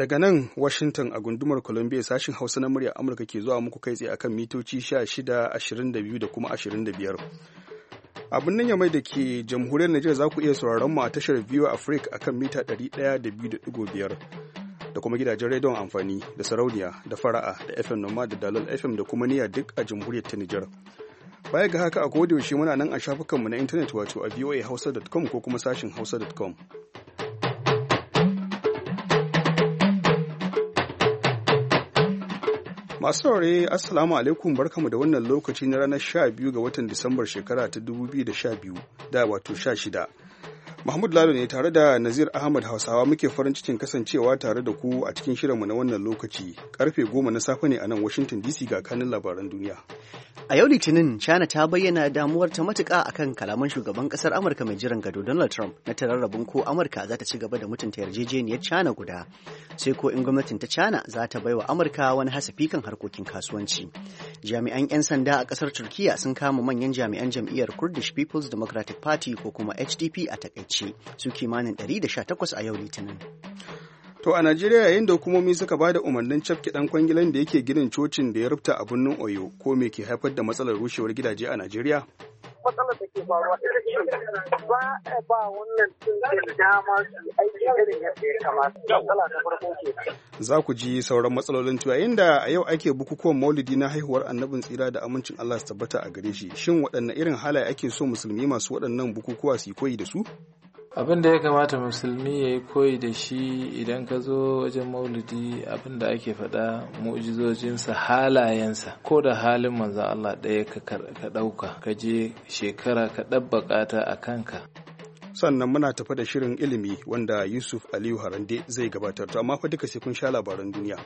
Daga nan Washington a gundumar Columbia sashin Hausa na murya Amurka ke zuwa muku kai tsaye akan mitoci 16, 22 da kuma 25. abin nan mai da ke jamhuriyar Najeriya za ku iya sauraron mu a tashar View Africa akan mita 102.5 da kuma gidajen rediyon amfani da sarauniya da fara'a da FM Noma da Dalal FM da kuma Niya duk a jamhuriyar ta Nijar. Baya ga haka a koda yaushe muna nan a shafukanmu na intanet wato a voahausa.com ko kuma sashin hausa.com. Masu saurari Assalamu alaikum barkamu da wannan lokaci na ranar 12 ga watan Disambar shekara ta 2012 da wato 16. Mahmud Lalo ne tare da Nazir Ahmad Hausawa muke farin cikin kasancewa tare da ku a cikin shirinmu na wannan lokaci. Karfe goma na safe ne a nan Washington DC ga kanin labaran duniya. A yau Litinin, China ta bayyana damuwar ta matuƙa kan kalaman shugaban ƙasar Amurka mai jiran gado Donald Trump na tararrabin ko Amurka za ta ci gaba da mutunta yarjejeniyar China guda. Sai ko in gwamnatin ta China za ta baiwa Amurka wani hasafi kan harkokin kasuwanci. Jami'an 'yan sanda a ƙasar Turkiya sun kama manyan jami'an jam'iyyar Kurdish People's Democratic Party ko kuma HDP a takaice. ce su kimanin 118 a yau litinin. To a Najeriya yayin da hukumomi suka ba da umarnin cafke dan kwangilan da yake ginin cocin da ya rubuta a birnin Oyo ko me ke haifar da matsalar rushewar gidaje a Najeriya? Za ku ji sauran matsalolin tuwa inda a yau ake bukukuwan maulidi na haihuwar annabin tsira da amincin Allah su tabbata a gare shi. Shin waɗanne irin halaye ake so musulmi masu waɗannan bukukuwa su yi koyi da su? abin da ya kamata musulmi ya yi koyi da shi idan ka zo wajen maulidi abin da ake faɗa mu'jizojinsa halayensa ko da halin manzan Allah ɗaya ka ɗauka ka je shekara ka ɗabbaka ta a kanka sannan muna tafa da shirin ilimi wanda yusuf aliyu harande zai gabatar to amma fa duka sai kun sha labaran duniya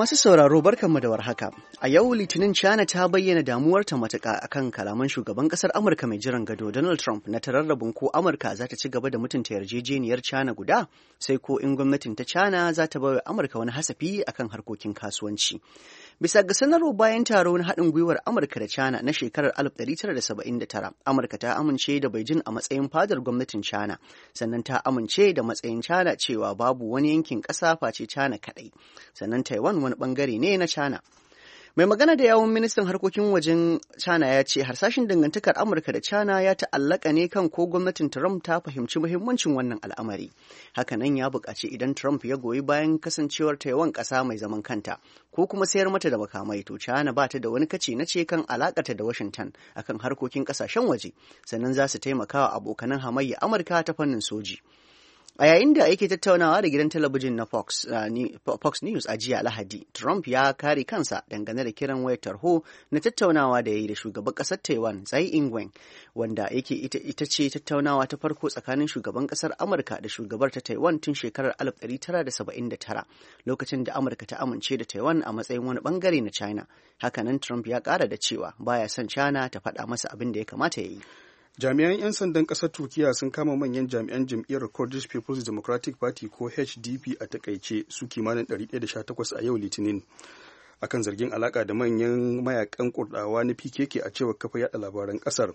Masu sauraro barkanmu da warhaka. A yau Litinin China ta bayyana damuwarta matuƙa akan kalaman shugaban ƙasar Amurka mai jiran gado Donald Trump na tararrabin ko Amurka za ta ci gaba da mutunta yarjejeniyar China guda sai ko in gwamnatin ta China za ta bawa Amurka wani hasafi akan harkokin kasuwanci. Bisa ga sanarwa bayan taro na haɗin gwiwar Amurka da China na shekarar 1979, Amurka ta amince da Beijing a matsayin fadar gwamnatin China, sannan ta amince da matsayin China cewa babu wani yankin ƙasa face China kaɗai, sannan Taiwan wani ɓangare ne na China. Mai magana da yawun ministan harkokin wajen China ya ce harsashin dangantakar Amurka da China ya ta'allaka ne kan ko gwamnatin Trump ta fahimci muhimmancin wannan al'amari. Hakanan ya buƙaci idan Trump ya goyi bayan kasancewar Taiwan ƙasa mai zaman kanta ko kuma sayar mata da makamai to China ba ta da wani kace na ce kan alakata da Washington akan harkokin ƙasashen waje sannan za su taimaka wa abokanan hamayya Amurka ta fannin soji. A yayin da ake tattaunawa da gidan talabijin na Fox, News a jiya Lahadi, Trump ya kare kansa dangane da kiran wayar tarho na tattaunawa da ya yi da shugaban ƙasar Taiwan Tsai ing wanda yake ita, ita ce tattaunawa ta farko tsakanin shugaban ƙasar Amurka da shugabar ta Taiwan tun shekarar 1979, lokacin da Amurka ta amince da Taiwan a matsayin wani bangare na China. Hakanan Trump ya kara da cewa baya son China ta faɗa masa abin da ya kamata ya yi. jami'an 'yan sandan ƙasar turkiya sun kama manyan jami'an jam'iyyar kurdish people's democratic party ko hdp a takaice su kimanin 118 a yau litinin akan zargin alaka da manyan mayakan kurdawa na pkk a cewar kafa yada labaran kasar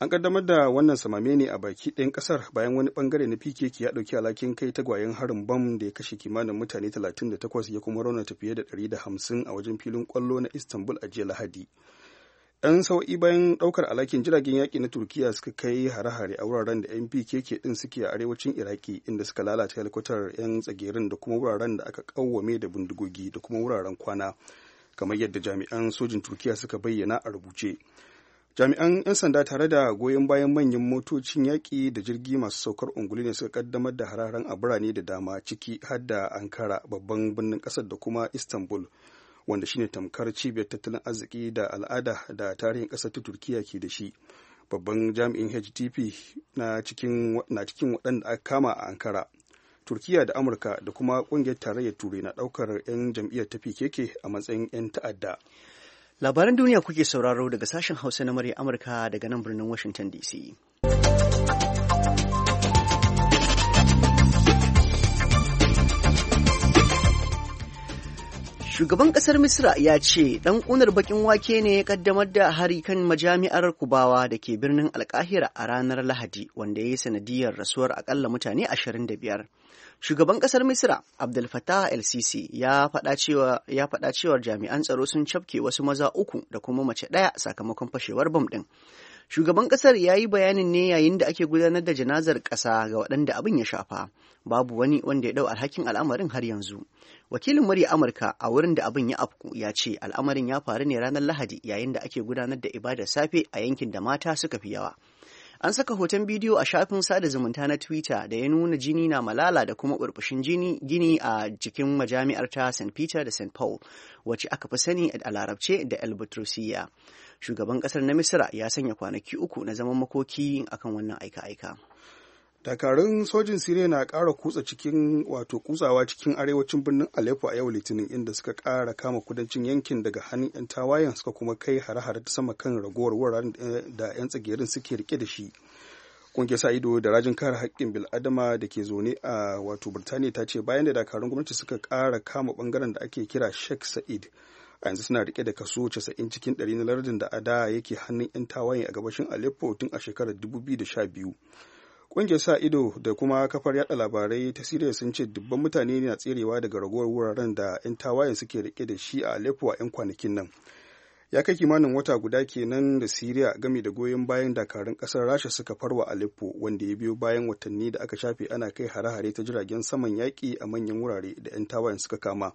an kaddamar da wannan samame ne a baki ɗayan kasar bayan wani bangare na pkk ya ɗauki alhakin kai tagwayen harin bam da ya kashe kimanin mutane 38 ya kuma raunata fiye da 150 a wajen filin kwallo na istanbul a jiya lahadi 'yan sau'i bayan ɗaukar alhakin jiragen yaƙi na turkiya suka kai hare-hare a wuraren da yan pkk ɗin suke a arewacin iraki inda suka lalata helikwatar 'yan tsagerin da kuma wuraren da aka ƙawwame da bindigogi da kuma wuraren kwana kamar yadda jami'an sojin turkiya suka bayyana a rubuce jami'an 'yan sanda tare da goyon bayan manyan motocin yaƙi da jirgi masu saukar unguli ne suka kaddamar da hararen a birane da dama ciki har da ankara babban birnin ƙasar da kuma istanbul wanda shine tamkar cibiyar tattalin arziki da al'ada da tarihin ƙasar ta turkiya ke da shi babban jami'in hdp na cikin waɗanda aka kama a ankara turkiya da amurka da kuma ƙungiyar tarayyar turai na ɗaukar 'yan jam'iyyar tafi keke a matsayin 'yan ta'adda labaran duniya kuke sauraro daga sashen hausa na murya amurka daga nan birnin washington dc Shugaban ƙasar Misra ya ce ɗan ƙunar baƙin wake ne ya ƙaddamar da hari kan majami'ar Kubawa da ke birnin Alkahira a ranar Lahadi wanda ya yi sanadiyar rasuwar aƙalla mutane 25. Shugaban ƙasar Misra abdul Fattah lcc ya faɗa cewa jami'an tsaro sun cafke wasu maza uku da kuma mace ɗaya sakamakon fashewar bam ɗin. Shugaban ƙasar ya yi bayanin ne yayin da ake gudanar da janazar ƙasa ga waɗanda abin ya shafa. Babu wani wanda ya ɗau alhakin al'amarin har yanzu. Wakilin murya Amurka a wurin da abin ya afku ya ce al'amarin ya faru ne ranar Lahadi yayin da ake gudanar da ibadar safe a yankin da mata suka fi yawa. An saka hoton bidiyo a shafin sada zumunta na Twitter da ya nuna jini na malala da kuma burbushin jini gini a jikin majami'ar ta St. Peter da St. Paul, wacce aka fi sani a larabce da albatrosiya shugaban kasar na misira ya sanya kwanaki uku na zaman makoki akan wannan aika-aika dakarun sojin siriya na kara kutsa cikin wato kutsawa cikin arewacin birnin aleppo a yau litinin inda suka kara kama kudancin yankin daga hannun 'yan tawayen suka kuma kai hare-hare ta sama kan ragowar wuraren eh, da 'yan tsagerin suke rike da shi kungiyar sa ido da rajin kare haƙƙin bil'adama da ke zaune a wato birtaniya ta ce bayan da dakarun gwamnati suka kara kama bangaren da ake kira sheikh sa'id a yanzu suna rike da kaso 90 cikin 100 na lardin da a da yake hannun 'yan tawaye a gabashin Aleppo tun a shekarar 2012. Ƙungiyar sa ido da kuma kafar yada labarai ta Siriya sun ce dubban mutane na tserewa daga ragowar wuraren da 'yan tawayen suke rike da shi a Aleppo a 'yan kwanakin nan. Ya kai kimanin wata guda kenan da Siriya game da goyon bayan dakarun ƙasar Rasha suka farwa Aleppo wanda ya biyo bayan watanni da aka shafe ana kai hare-hare ta jiragen saman yaƙi a manyan wurare da 'yan tawayen suka kama.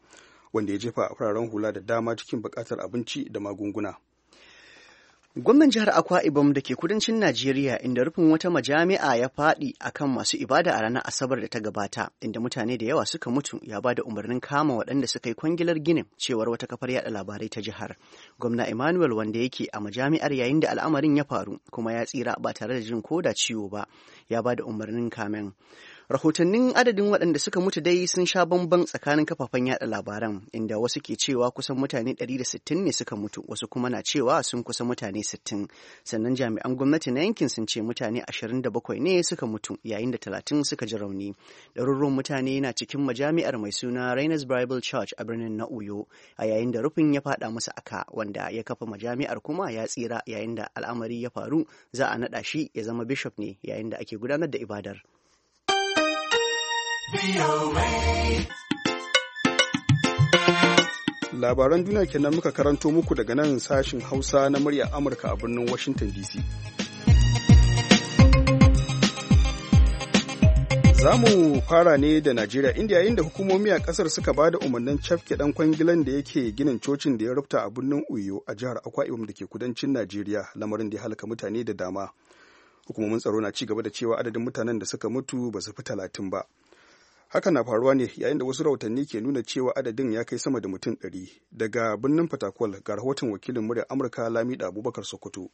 wanda ya jefa fararen hula da dama cikin bukatar abinci da magunguna. Gwamnan jihar Akwa Ibom da ke kudancin Najeriya inda rufin wata majami'a ya faɗi akan masu ibada a ranar Asabar da ta gabata, inda mutane da yawa suka mutu ya ba da umarnin kama waɗanda suka yi kwangilar ginin cewar wata kafar yada labarai ta jihar. Gwamna Emmanuel wanda yake a majami'ar yayin da al'amarin ya faru kuma ya tsira ba tare da jin ko da ciwo ba, ya ba da umarnin kamen. Rahotannin adadin waɗanda suka mutu dai sun sha bamban tsakanin kafafen yada labaran inda wasu ke cewa kusan mutane 160 ne suka mutu wasu kuma na cewa sun kusa mutane 60 sannan jami'an gwamnati na yankin sun ce mutane 27 ne suka mutu yayin da 30 suka ji rauni. Ɗaruruwan mutane na cikin majami'ar mai suna Rainers Bible Church a birnin na Uyo a yayin da rufin ya faɗa musu aka wanda ya kafa majami'ar kuma ya tsira yayin da al'amari ya faru za a naɗa shi ya zama bishop ne yayin da ake gudanar da ibadar. Labaran duniya kenan muka karanto muku daga nan sashin Hausa na murya Amurka a birnin Washington DC. Za mu fara ne da Najeriya inda yayin da hukumomi a kasar suka ba da umarnin cafke dan kwangilan da yake ginin cocin da ya rufta a birnin Uyo a jihar Akwa Ibom da ke kudancin Najeriya lamarin da ya halaka mutane da dama. Hukumomin tsaro na ci gaba da cewa adadin mutanen da suka mutu ba su fi talatin ba. Haka na faruwa ne yayin da wasu rahotanni ke nuna cewa adadin ya kai sama da mutum 100 daga birnin Fatakwal ga rahoton wakilin murya Amurka Lamida Abubakar Sokoto.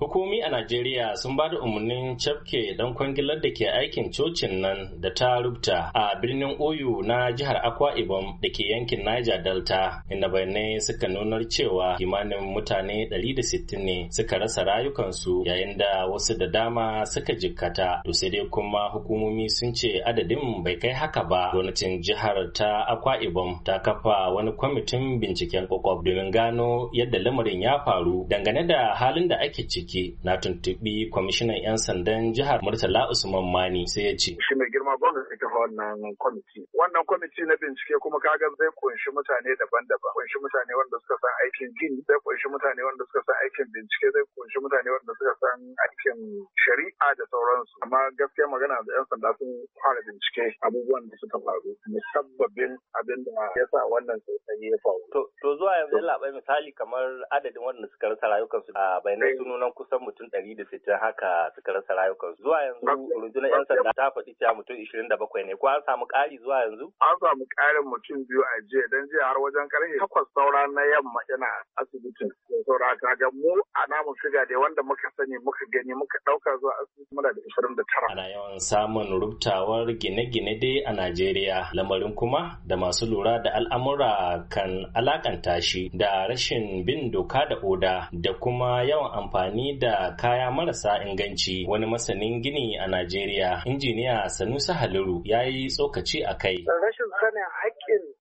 Hukumi a Najeriya sun ba da umarnin cafke don kwangilar da ke aikin cocin nan da ta rubuta a birnin Oyo na jihar Akwa Ibom da ke yankin Niger Delta, inda bayanai suka nunar cewa kimanin mutane 160 ne suka rasa rayukansu yayin da wasu da dama suka jikkata. To sai dai kuma hukumomi sun ce adadin bai kai haka ba. Gwamnatin jihar ta Akwa Ibom ta kafa wani kwamitin binciken kokob domin gano yadda lamarin ya faru dangane da halin da ake ciki. bincike na tuntuɓi kwamishinan 'yan sandan jihar Murtala Usman Mani sai ya ce. Shi mai girma gwamnati ta wannan kwamiti. Wannan kwamiti na bincike kuma kaga zai kunshi mutane daban-daban. Kunshi mutane wanda suka san aikin gini, zai kunshi mutane wanda suka san aikin bincike, zai kunshi mutane wanda suka san aikin shari'a da sauransu. Amma gaskiya magana da 'yan sanda sun fara bincike abubuwan da suka faru. Musabbabin abin da ya sa wannan sosai ya faru. To zuwa yanzu labai misali kamar adadin wanda suka rasa rayukansu a bayanan eh. sununan kusan mutum ɗari da sittin haka suka rasa rayukansu zuwa yanzu rundunar yan sanda ta faɗi cewa mutum ishirin da bakwai ne ko an samu ƙari zuwa yanzu an samu ƙarin mutum biyu a jiya don jiya har wajen karfe takwas saura na yamma yana asibitin saura ka ga mu a namun shiga da wanda muka sani muka gani muka ɗauka zuwa asibiti muna da ishirin da tara. Ana yawan samun rubtawar gine-gine dai a Najeriya lamarin kuma da masu lura da al'amura kan alakanta shi da rashin bin doka da oda da kuma yawan amfani da kaya marasa inganci wani masanin gini a Najeriya injiniya Sanusa Haliru ya yi tsokaci a kai. Rashin sanin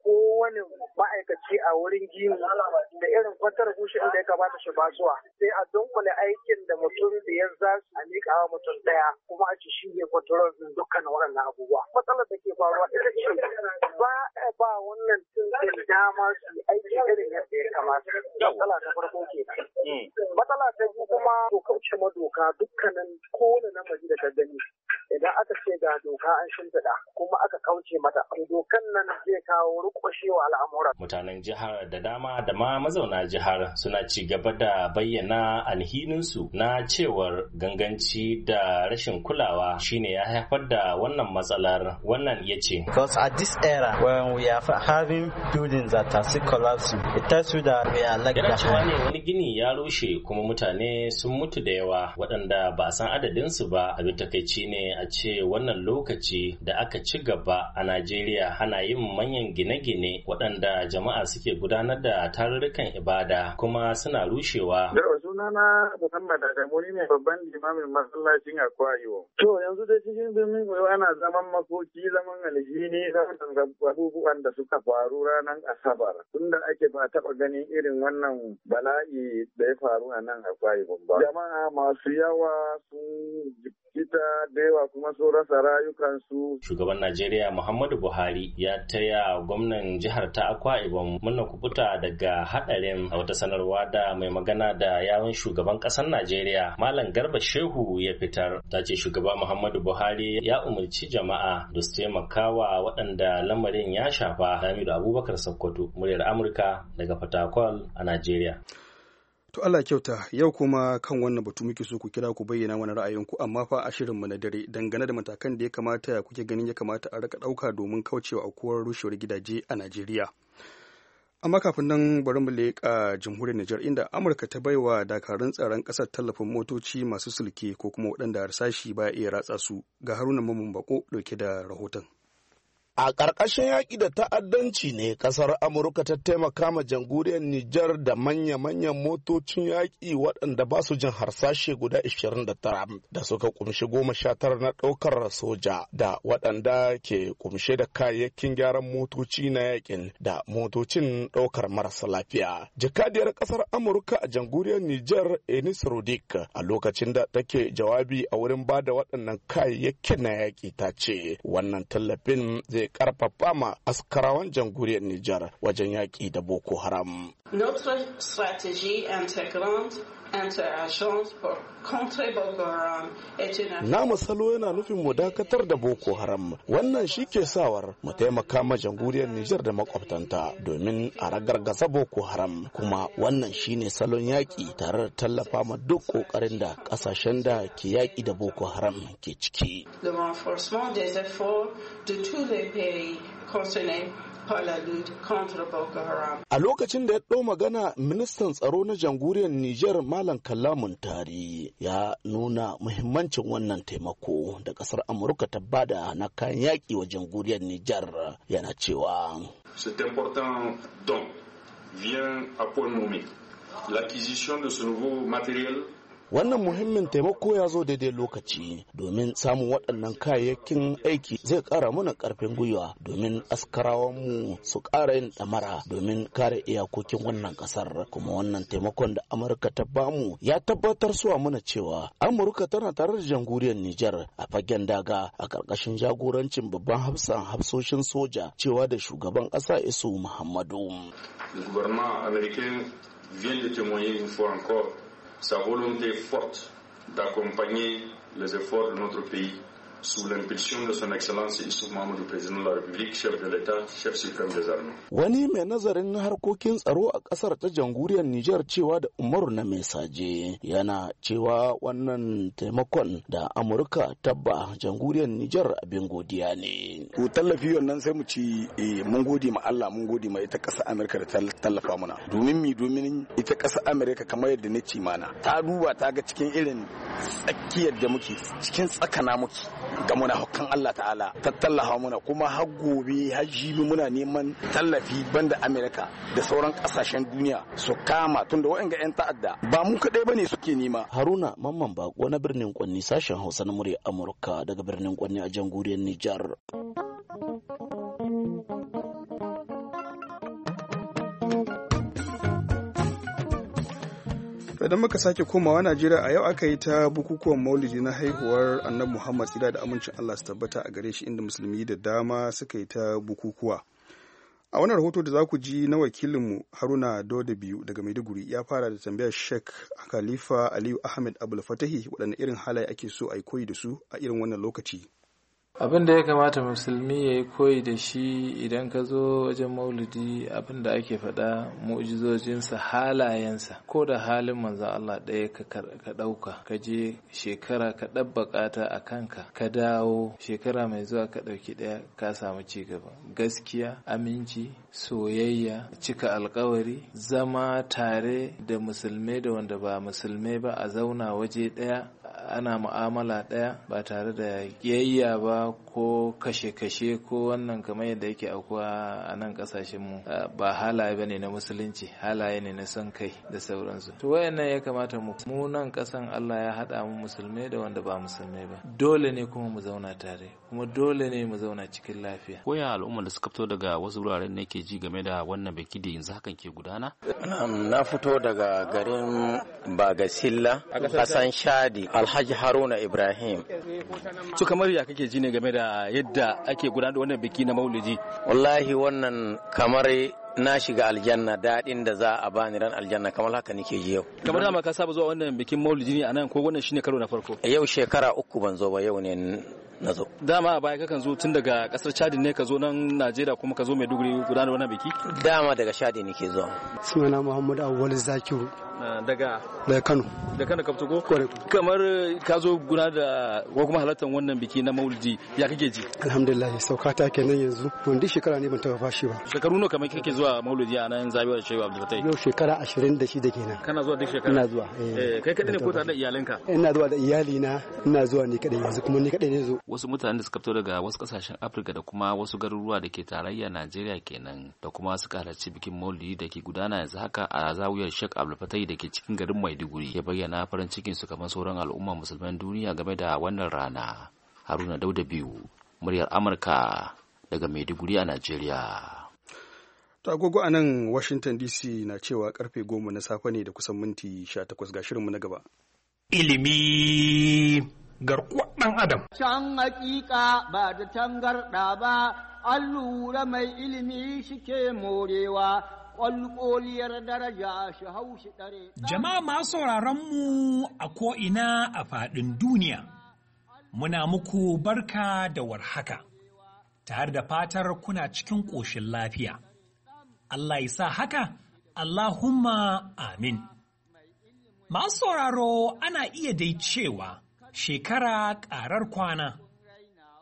kowane ma'aikaci a wurin gini da irin kwantar bushe inda ya kamata shi basuwa sai a dunkule aikin da mutum da ya za su a miƙawa wa mutum ɗaya kuma a ci shi ne kwantarar dukkan waɗannan abubuwa matsalar da ke faruwa ita ce ba ba wannan tun dama su aiki irin yadda ya kamata matsala ta farko ke mm. matsala ta biyu kuma to kauce madoka dukkanin kowane namiji da ka gani idan aka ce ga doka an shimfiɗa kuma aka kauce mata a dokan nan zai kawo wa al'amura. mutanen jihar da dama da ma mazauna jihar suna ci gaba da bayyana alhininsu na cewar ganganci da rashin kulawa shine ya haifar da wannan matsalar wannan ya ce. because at this era when we are having buildings that are still collapsing it tells you that we are like yana cewa wani gini ya rushe kuma mutane sun mutu da yawa waɗanda ba san adadinsu ba abin takaici ne a ce wannan lokaci da aka ci gaba a Najeriya hana yin manyan gine-gine waɗanda jama'a suke gudanar da tarurrukan ibada kuma suna rushewa. sunana Muhammad Adamu ne babban limamin masallacin Iwo. To yanzu dai cikin birnin Oyo ana zaman makoki zaman alhini zaman abubuwan da suka faru ranar Asabar. Tunda ake ba taba ganin irin wannan bala'i da ya faru a nan Iwo ba. Jama'a masu yawa sun jikita da yawa kuma sun rasa rayukansu. Shugaban Najeriya Muhammadu Buhari ya taya gwamnan jihar ta Akwa Ibom murna kubuta daga haɗarin a wata sanarwa da mai magana da yawon zaben shugaban ƙasar Najeriya Malam Garba Shehu ya fitar ta ce shugaba Muhammadu Buhari ya umarci jama'a da su taimakawa waɗanda lamarin ya shafa Lamido Abubakar Sokoto muryar Amurka daga Fatakwal a Najeriya. To Allah kyauta yau kuma kan wannan batu muke so ku kira ku bayyana wani ra'ayinku amma fa a shirinmu na dare dangane da matakan da ya kamata kuke ganin ya kamata a rika ɗauka domin kaucewa akuwar rushewar gidaje a Najeriya. amma kafin nan bari mu leƙa jamhuriyar Nijar inda Amurka ta bai wa dakarun tsaron ƙasar tallafin motoci masu sulke ko kuma waɗanda harsashi ba iya ratsa su ga Haruna Mamman Bako ɗauke da rahoton. A ƙarƙashin yaƙi da ta'addanci ne ƙasar Amurka ta taimaka ma jamhuriyar Nijar da manya-manyan motocin yaƙi waɗanda ba su jin harsashe guda 29 da suka kumshi goma sha na ɗaukar soja da waɗanda ke kumshe da kayayyakin gyaran motoci na yaƙin da motocin ɗaukar marasa lafiya. Jakadiyar ƙasar Amurka a jamhuriyar Nijar Enis Rodik a lokacin da take jawabi a wurin ba da waɗannan kayayyakin na yaƙi ta ce wannan tallafin zai karfafa ma askarawan jamhuriyar Nijar wajen yaƙi da Boko Haram. Notre strategy intégrante interagence pour Na masalo yana nufin mu dakatar da Boko Haram. Wannan shi ke sawar mu taimaka ma jamhuriyar Nijar da makwabtanta domin a ragargaza Boko Haram. Kuma wannan shi ne salon yaƙi tare da tallafa ma duk ƙoƙarin da ƙasashen da ke yaƙi da Boko Haram ke ciki. A lokacin da ya ɗau magana ministan tsaro na jamhuriyar Nijar Malam Kallamun Tari ya nuna muhimmancin wannan taimako da kasar amurka ta bada na kayan yaƙi wa jamhuriyar nijar yana cewa c'est important don vient à point nommé l'acquisition de ce nouveau matériel Wannan muhimmin taimako ya zo daidai lokaci domin samun waɗannan kayayyakin aiki zai ƙara mana ƙarfin gwiwa domin mu su ƙara yin ɗamara domin kare iyakokin wannan ƙasar. Kuma wannan taimakon da Amurka ta bamu ya tabbatar suwa mana cewa Amurka tana tare da jamhuriyar Nijar a fagen daga a ƙarƙashin jagorancin babban hafsan hafsoshin soja cewa da shugaban ƙasa Isu Muhammadu. gouvernement américain vient de témoigner une fois encore sa volonté forte d'accompagner les efforts de notre pays sous l'impulsion de son excellence Issouf Mamadou président de la République chef de l'État chef suprême des armées wani mai nazarin harkokin tsaro a kasar ta jamhuriyar Nijar cewa da Umaru na Mesaje yana cewa wannan taimakon da Amurka tabba jamhuriyar Nijar abin godiya ne ko tallafi wannan sai mu ci eh, mun gode ma Allah mun gode ma ita kasar Amurka da tallafa mana domin mi domin ita kasar Amurka kamar yadda ne ci mana ta duba ta ga cikin irin tsakiyar da muke cikin tsakana muke ga munafukan Allah ta'ala ta tallafa muna kuma har gobe har jibi muna neman tallafi banda Amerika da sauran kasashen duniya su kama tunda waɗanda 'yan ta'adda ba mu kaɗai bane suke nema. Haruna Mamman Bako na birnin Kwanni sashen Hausa na murya Amurka daga birnin Kwanni a jamhuriyar Nijar. to idan muka sake komawa najeriya a yau aka yi ta bukukuwan maulidi na haihuwar annabi muhammad tsira da amincin allah su tabbata a gare shi inda musulmi da dama suka yi ta bukukuwa a wannan rahoto da za ku ji na wakilinmu haruna doda biyu daga maiduguri ya fara da tambayar sheikh khalifa aliyu ahmed abul fatahi waɗanne irin halaye ake so a yi koyi da su a irin wannan lokaci abin da ya kamata musulmi ya yi koyi da shi idan ka zo wajen maulidi abinda da ake faɗa mu'jizojinsa halayensa ko da halin manzan Allah ɗaya ka ɗauka ka je shekara ka ɗabbaƙa ta a kanka ka dawo shekara mai zuwa ka ɗauki ɗaya ka samu ci gaba gaskiya aminci soyayya cika alkawari zama tare da musulmai da wanda ba musulmai ba a zauna waje ɗaya ana mu'amala ɗaya ba tare da ƙiyayya ba ko kashe-kashe ko wannan kamar yadda yake aukuwa a nan kasashen mu ba halaye ne na musulunci halaye ne na son kai da sauransu to wayannan ya kamata mu mu nan kasan Allah ya haɗa mu musulmai da wanda ba musulmai ba dole ne kuma mu zauna tare kuma dole ne mu zauna cikin lafiya koya al'umma da suka fito daga wasu wuraren ne ke ji game da wannan biki da yanzu hakan ke gudana na fito daga garin Bagasilla kasan Shadi Alhaji Haruna Ibrahim to kamar ya kake ji ne game da yadda ake gudanar da wannan biki na maulidi wallahi wannan kamar na shiga aljanna daɗin da za a bani ran aljanna kamar haka nake ji yau kamar da ka saba zuwa wannan bikin maulidi ne anan ko wannan shine karo na farko yau shekara uku ban zo ba yau ne na zo dama a baya kakan zo tun daga kasar chadi ne ka zo nan najeriya kuma ka zo mai maiduguri gudanar wannan biki dama daga chadi nake zuwa sunana Muhammadu awwal zakiru Ah, daga daga Kano da Kano kafto ko kamar eh, ka zo guna da ko kuma halartar wannan biki na Maulidi ya kake ji alhamdulillah sauka ta kenan yanzu wanda shekara ne ban taba fashi ba shekaru nawa kamar kake zuwa Maulidi a nan Zabiya da Shehu Abdulfatai yau shekara 26 kenan kana zuwa duk shekara ina zuwa eh, eh kai kadai ne ko tare da iyalinka ina zuwa da iyali na ina zuwa ni kadai yanzu kuma ni kadai ne zo wasu mutanen da suka fito daga wasu kasashen Afirka da kuma wasu garuruwa da ke tarayya Najeriya kenan da kuma suka halarci bikin Maulidi da ke gudana yanzu haka a zawiyar abdul Abdulfatai da ke cikin garin Maiduguri ya bayyana farin cikin su kamar sauran al'umma musulman duniya game da wannan rana. Haruna Dauda biyu, muryar Amurka daga Maiduguri a Najeriya. Ta agogo a nan Washington DC na cewa karfe goma na safe ne da kusan minti 18 ga shirinmu na gaba. Ilimi garkuwar ɗan Adam. Can hakika ba da tangarɗa ba, an lura mai ilimi shike morewa ƙwalƙoliyar daraja shi haushi Jama'a masu mu a ko'ina a faɗin duniya, muna muku barka da warhaka, tare da fatar kuna cikin ƙoshin lafiya. Allah yasa sa haka, Allahumma amin. Masu sauraro ana iya dai cewa shekara ƙarar kwana,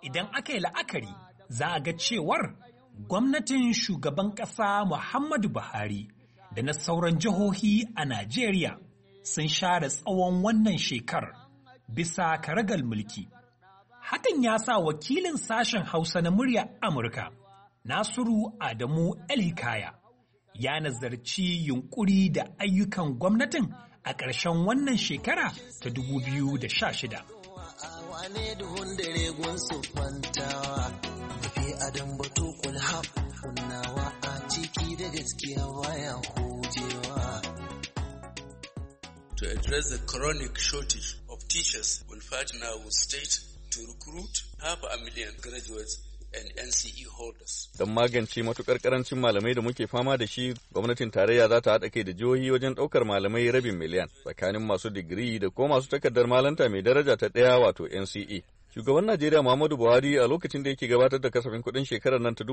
idan aka yi la'akari za a ga cewar gwamnatin shugaban ƙasa Muhammadu Buhari da na sauran jihohi a Najeriya sun share tsawon wannan shekar bisa karagal mulki. Hakan ya sa wakilin sashen Hausa na murya Amurka, Nasiru Adamu Elhikaya, ya nazarci yunkuri da ayyukan gwamnatin a ƙarshen wannan shekara ta 2016. biyu da ne a bato kulhab kunnawa a ciki da gaskiya baya hujewa. To address the chronic shortage of teachers, will partner with state to recruit half a million graduates and NCE holders. Don magance matukar ƙarancin malamai da muke fama da shi, gwamnatin tarayya za ta haɗa kai da jihohi wajen ɗaukar malamai rabin miliyan tsakanin masu digiri da ko masu takardar malanta mai daraja ta ɗaya wato NCE Shugaban Najeriya Muhammadu Buhari a lokacin da yake gabatar da kasafin kuɗin shekarar nan ta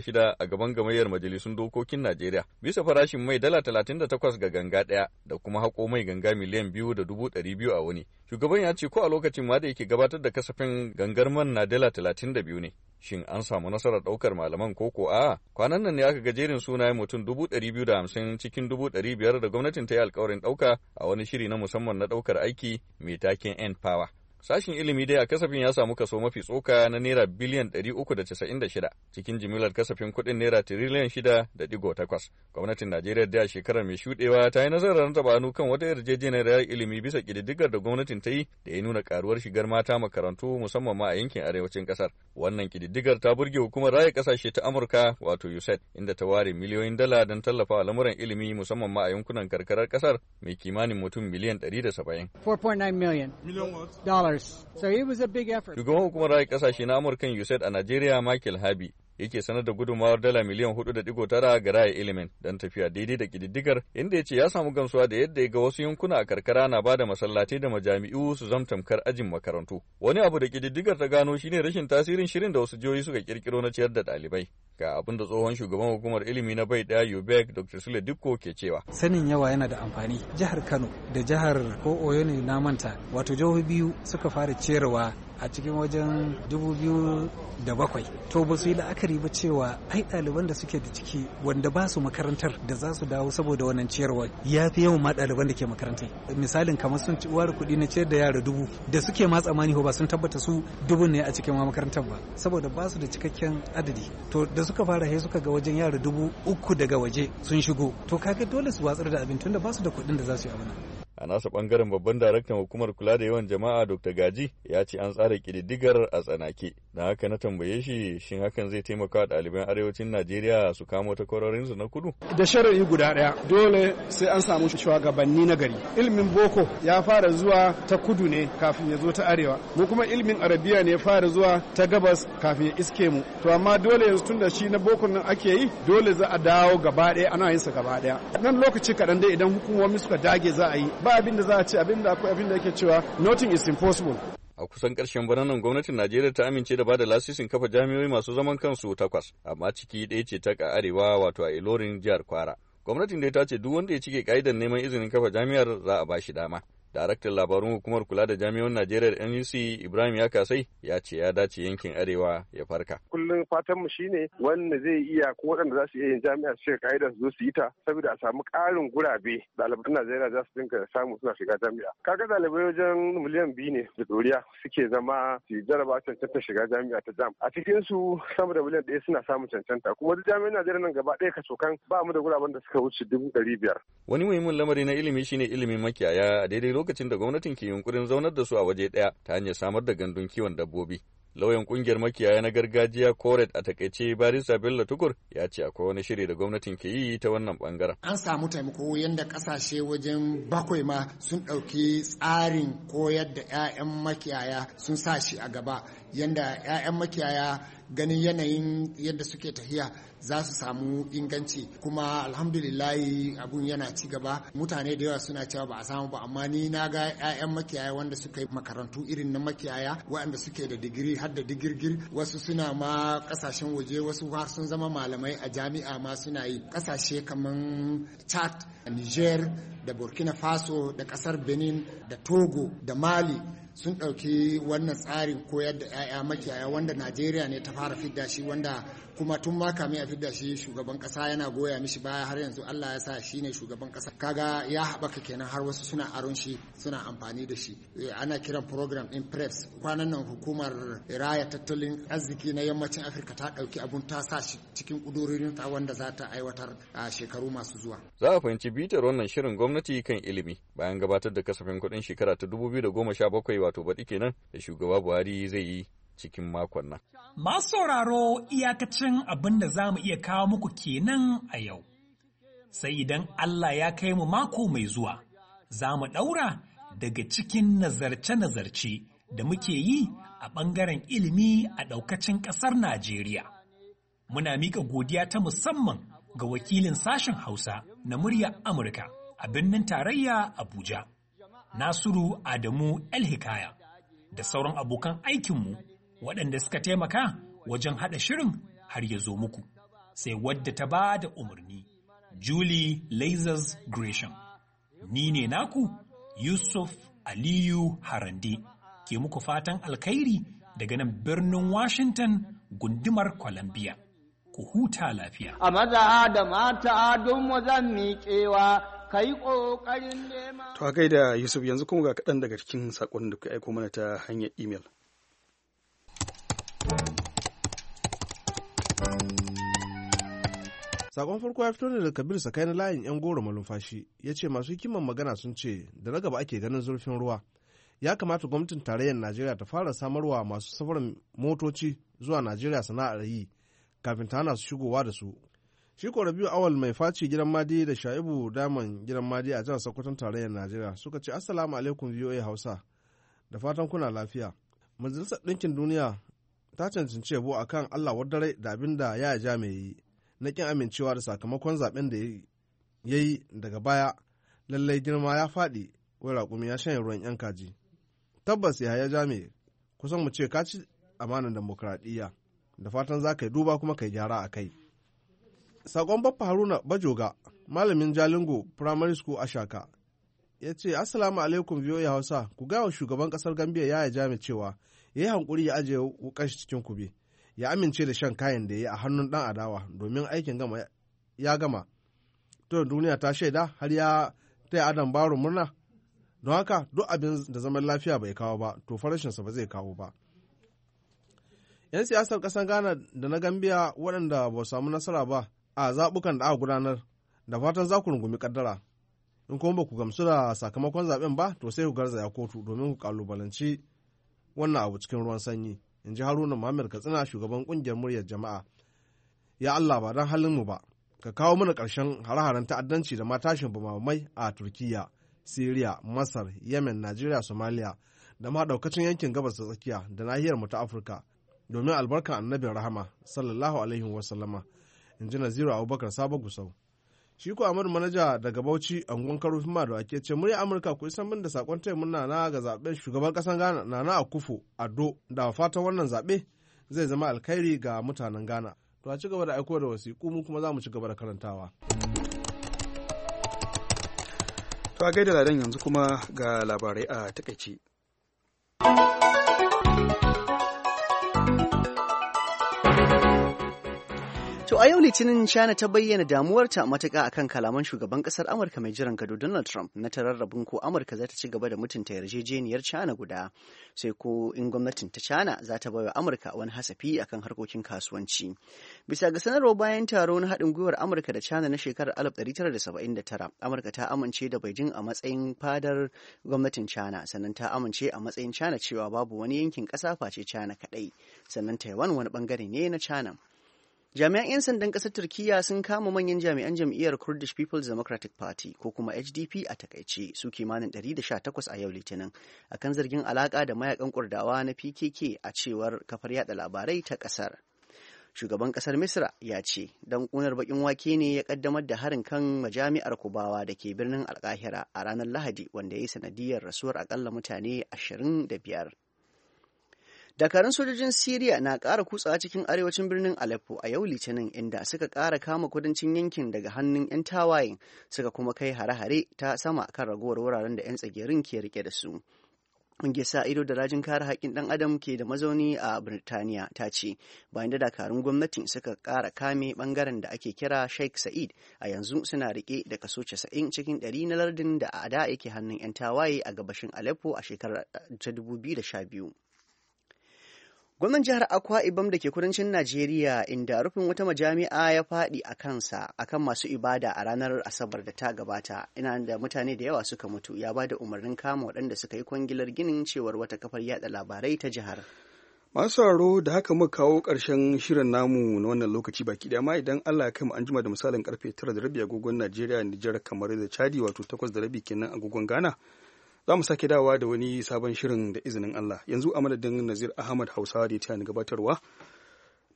shida a gaban gamayyar majalisun dokokin Najeriya bisa farashin mai dala da 38 ga ganga ɗaya da kuma haƙo mai ganga miliyan biyu da dubu ɗari biyu a wani. Shugaban ya ce ko a lokacin ma da yake gabatar da kasafin gangar man na dala da biyu ne. Shin an samu nasarar ɗaukar malaman ko ko a kwanan nan ne aka gajerin sunayen mutum dubu ɗari biyu da hamsin cikin dubu ɗari biyar da gwamnatin ta yi alkawarin ɗauka a wani shiri na musamman na ɗaukar aiki mai taken n Power. Sashin ilimi dai a kasafin ya samu kaso mafi tsoka na naira biliyan 396 cikin jimillar kasafin kuɗin naira tiriliyan 6.8. Gwamnatin Najeriya da shekarar mai shuɗewa ta yi nazarar tabanu kan wata yarjejeniyar ilimi bisa kididdigar da gwamnatin ta yi da ya nuna karuwar shigar mata makarantu musamman ma a yankin arewacin ƙasar. Wannan kididdigar ta burge hukumar raya ƙasashe ta Amurka wato USAID inda ta ware miliyoyin dala don tallafa lamuran ilimi musamman ma a yankunan karkarar ƙasar mai kimanin mutum miliyan 170. 4.9 million. Million So it was a big effort. Shugaban hukumar raya kasashe na Amurkan USAID a Najeriya Michael Habi yake sanar da gudunmawar dala miliyan hudu da digo tara ga raya ilimin don tafiya daidai da kididdigar inda ya ce ya samu gamsuwa da yadda ya ga wasu yankuna a karkara na bada masallatai da majami'u su zam tamkar ajin makarantu wani abu da kididdigar ta gano shine rashin tasirin shirin da wasu jihohi suka kirkiro na ciyar da ɗalibai ga abin da tsohon shugaban hukumar ilimi na bai daya yubek dr sule dikko ke cewa sanin yawa yana da amfani jihar kano da jihar ko oyo ne na manta wato jihohi biyu suka fara ciyarwa a cikin wajen 2007 to ba su yi la'akari ba cewa ai ɗaliban da suke da ciki wanda ba su makarantar da za su dawo saboda wannan ciyarwa ya fi yawan ma ɗaliban da ke makarantar misalin kamar sun ci uwar kuɗi na ciyar da yara dubu da suke ma tsammani ba sun tabbata su dubu ne a cikin ma makarantar ba saboda ba su da cikakken adadi to da suka fara sai suka ga wajen yara dubu uku daga waje sun shigo to kaga dole su watsar da abin tunda ba su da kuɗin da za su yi abin a nasa bangaren babban daraktan hukumar kula da yawan jama'a dr gaji ya ce an tsara kididdigar a tsanake da haka na tambaye shi shin hakan zai taimaka wa ɗaliban arewacin najeriya su kama kamo su na kudu da shari'i guda ɗaya dole sai an samu shugabanni na gari ilimin boko ya fara zuwa ta kudu ne kafin ya zo ta arewa mu kuma ilimin arabiya ne ya fara zuwa ta gabas kafin ya iske mu to amma dole yanzu tun da shi na boko nan ake yi dole za a dawo gaba ɗaya ana yin sa gaba ɗaya nan lokaci kaɗan dai idan hukumomi suka dage za a yi ba ba abin da za a ce abin da akwai abin da yake cewa nothing is impossible a kusan ƙarshen bananan gwamnatin najeriya ta amince da bada lasisin kafa jami'oi masu zaman kansu takwas amma ciki ɗaya ce ta ka arewa wato a ilorin jihar kwara gwamnatin dai ta ce duk wanda ya cike ka'idar neman izinin kafa jami'ar za a ba shi dama Daraktan labarun hukumar kula da jami'an Najeriya NUC Ibrahim ya kasai ya ce ya dace yankin Arewa ya farka. Kullum fatan mu shine wanda zai iya ko waɗanda za su iya yin jami'a su shiga ka'ida su zo su yi ta saboda a samu ƙarin gurabe ɗaliban Najeriya za su dinga samu suna shiga jami'a. Kaga ɗalibai wajen miliyan biyu ne da doriya suke zama su jaraba cancanta shiga jami'a ta jam. A cikin su sama da miliyan ɗaya suna samun cancanta kuma duk jami'an Najeriya nan gaba ɗaya kaso kan ba mu da guraben da suka wuce dubu ɗari biyar. Wani muhimmin lamari na ilimi shine ilimin makiyaya a daidai lokacin da gwamnatin ke yunkurin zaunar da su a waje ɗaya ta hanyar samar da gandun kiwon dabbobi. Lauyan kungiyar makiyaya na gargajiya Koret a takaice Barisa Bello Tukur ya ce akwai wani shiri da gwamnatin ke yi ta wannan bangaren. An samu taimako yadda kasashe wajen bakwai ma sun ɗauki tsarin koyar da 'ya'yan makiyaya sun sa shi a gaba yadda 'ya'yan makiyaya ganin yanayin yadda suke tafiya za su samu inganci kuma alhamdulillahi abun yana ci gaba mutane da yawa suna cewa ba a samu ba amma ni na ga 'ya'yan makiyaya wanda suka yi makarantu irin na makiyaya waɗanda suke da digiri har da digirgir wasu suna ma kasashen waje wasu har sun zama malamai a jami'a ma suna yi kasashe kamar chad niger da burkina faso da ƙasar benin da togo da mali sun ɗauki wannan tsarin koyar da 'ya'ya makiyaya wanda najeriya ne ta fara fidda shi wanda kuma tun ma kame a fidda shi shugaban kasa yana goya mishi baya har yanzu Allah ya sa shine shugaban kasa kaga ya haɓaka kenan har wasu suna aron shi suna amfani da shi eh, ana kiran program in preps kwanan nan hukumar raya tattalin arziki na yammacin Afirka ta ɗauki abun ta sa shi cikin kudurorin ta wanda za ta aiwatar a shekaru masu zuwa za a fahimci bitar wannan shirin gwamnati kan ilimi bayan gabatar da kasafin kuɗin shekara ta sha bakwai wato baɗi kenan da shugaba Buhari zai yi cikin makon nan. Masu sauraro iyakacin abin da za mu iya kawo muku kenan a yau. Sai idan Allah ya kai mu mako mai zuwa, za mu ɗaura daga cikin nazarce-nazarce da muke yi a ɓangaren ilimi a ɗaukacin ƙasar Najeriya. Muna miƙa godiya ta musamman ga wakilin sashen Hausa na murya Amurka a birnin tarayya Abuja, Nasiru Adamu El Hikaya da sauran abokan aikinmu waɗanda suka taimaka wajen haɗa shirin har ya zo muku. Sai wadda ta ba da umarni, Julie Lazers Gresham. Ni ne naku, Yusuf Aliyu Harande, ke muku fatan alkhairi daga nan birnin Washington, gundumar Columbia. Ku huta lafiya. A maza da mata don wazan miƙewa kai yi ƙoƙarin nema. To, gaida Yusuf yanzu kuma ga kaɗan daga cikin saƙon da ku aiko mana ta hanyar imel. sakon farko ya fito ne daga kabir sakai na layin yan goro malumfashi ya ce masu hikiman magana sun ce da na gaba ake ganin zurfin ruwa ya kamata gwamnatin tarayyar najeriya ta fara samarwa masu safaran motoci zuwa najeriya sana'ar yi kafin ta hana su shigowa da su shi ko rabiu awal mai faci gidan madi da sha'ibu daman gidan madi a jihar sokoton tarayyar najeriya suka ce assalamu alaikum voa hausa da fatan kuna lafiya majalisar ɗinkin duniya ta cancanci yabo akan allah wadare da abin da ya ja mai yi na kin amincewa da sakamakon zaben da ya yi daga baya lallai girma ya faɗi wai raƙumi ya shanye ruwan 'yan kaji tabbas yahaya jami kusan mu ce ka ci amanar demokradiyya da fatan za ka yi duba kuma ka yi gyara a kai saƙon baffa haruna bajoga malamin jalingo primary school a shaka ya ce assalamu alaikum biyoyi hausa ku gaya wa shugaban kasar gambia yi jami cewa ya yi hankuri ya ajiye wukan shi cikin kube ya amince da shan kayan da ya yi a hannun ɗan adawa domin aikin gama ya gama to duniya ta shaida har ya taya adam baro murna don haka duk abin da zaman lafiya bai kawo ba to farashinsa ba zai kawo ba 'yan siyasar ƙasar ghana da na gambia waɗanda ba samu nasara ba a zaɓukan da aka gudanar da fatan za ku rungumi kaddara in kuma ba ku gamsu da sakamakon zaɓen ba to sai ku garza ya kotu domin ku ƙalubalanci wannan abu cikin ruwan sanyi in ji haruna muhammad katsina shugaban kungiyar muryar jama'a ya allah ba don halin mu ba ka kawo mana karshen hare-haren ta'addanci da matashin bumamai a turkiya siriya masar yemen najeriya somalia da ma daukacin yankin gabas ta tsakiya da nahiyar mu ta afirka domin albarkar annabin rahama sallallahu alaihi wasallama in ji naziru abubakar sabo gusau shi ko amur manaja daga bauchi angon karofin ma da ake ce murya amurka ku isan min da sakon taya murna na ga zaben shugaban kasan ghana na kufu akufo ado da fatan wannan zaɓe zai zama alkhairi ga mutanen ghana to a ci gaba da aiko da wasiƙu mu kuma za mu ci gaba da karantawa to a gaida ladan yanzu kuma ga labarai a takaice a yau Litinin China ta bayyana damuwarta matuƙa akan kalaman shugaban Kasar Amurka mai jiran gado Donald Trump na tararrabin ko Amurka za ta ci gaba da mutunta yarjejeniyar China guda sai ko in gwamnatin ta China za ta bayo Amurka wani hasafi akan harkokin kasuwanci. Bisa ga sanarwar bayan taro na haɗin gwiwar Amurka da China na shekarar 1979, Amurka ta amince da Beijing a matsayin fadar gwamnatin China sannan ta amince a matsayin China cewa babu wani yankin ƙasa face China kaɗai sannan Taiwan wani bangare ne na China. Jami'an 'yan sandan ƙasar Turkiyya sun kama manyan jami'an jam'iyyar Kurdish People's Democratic Party ko kuma HDP a takaice su kimanin 118 a yau Litinin akan zargin alaƙa da mayakan kurdawa na PKK a cewar kafar yada labarai ta ƙasar. Shugaban ƙasar Misra ya ce dan kunar bakin wake ne ya ƙaddamar da harin kan majami'ar Kubawa da ke birnin Alkahira a ranar Lahadi wanda ya yi sanadiyar rasuwar akalla mutane 25. dakarun sojojin siriya na ƙara kutsawa cikin arewacin birnin aleppo a yau litinin inda suka ƙara kama kudancin yankin daga hannun 'yan tawayen suka kuma kai hare-hare ta sama kan raguwar wuraren da 'yan tsagerin ke rike da su Ƙungiyar sa ido da rajin kare haƙƙin ɗan adam ke da mazauni a Birtaniya ta ce bayan da dakarun gwamnati suka ƙara kame ɓangaren da ake kira Sheikh Sa'id a yanzu suna rike da kaso casa'in cikin 100 na lardin da a da yake hannun 'yan tawaye a gabashin Aleppo a shekarar 2012. Gwamnan jihar Akwa Ibom da ke kudancin Najeriya inda rufin wata majami'a ya faɗi a kansa akan masu ibada a ranar Asabar da ta gabata, ina da mutane da yawa suka mutu ya ba da umarnin kama waɗanda suka yi kwangilar ginin cewar wata kafar yada labarai ta jihar. Masu sauraro da haka muka kawo ƙarshen shirin namu na wannan lokaci baki ɗaya ma idan Allah ya kama an jima da misalin karfe tara da rabi agogon Najeriya Nijar kamar da Chadi wato takwas da rabi kenan agogon Ghana. za mu sake dawa da wani sabon shirin da izinin Allah yanzu a madadin Nazir Ahmad Hausawa da ta gabatarwa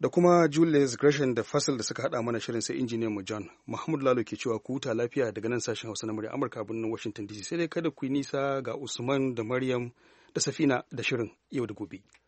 da kuma Julius Gresham da Fasil da suka hada mana shirin sai injiniyan mu John Muhammad Lalo ke cewa ku huta lafiya daga nan sashen Hausa na murya Amurka birnin Washington DC sai dai kada ku yi nisa ga Usman da Maryam da Safina da shirin yau da gobe.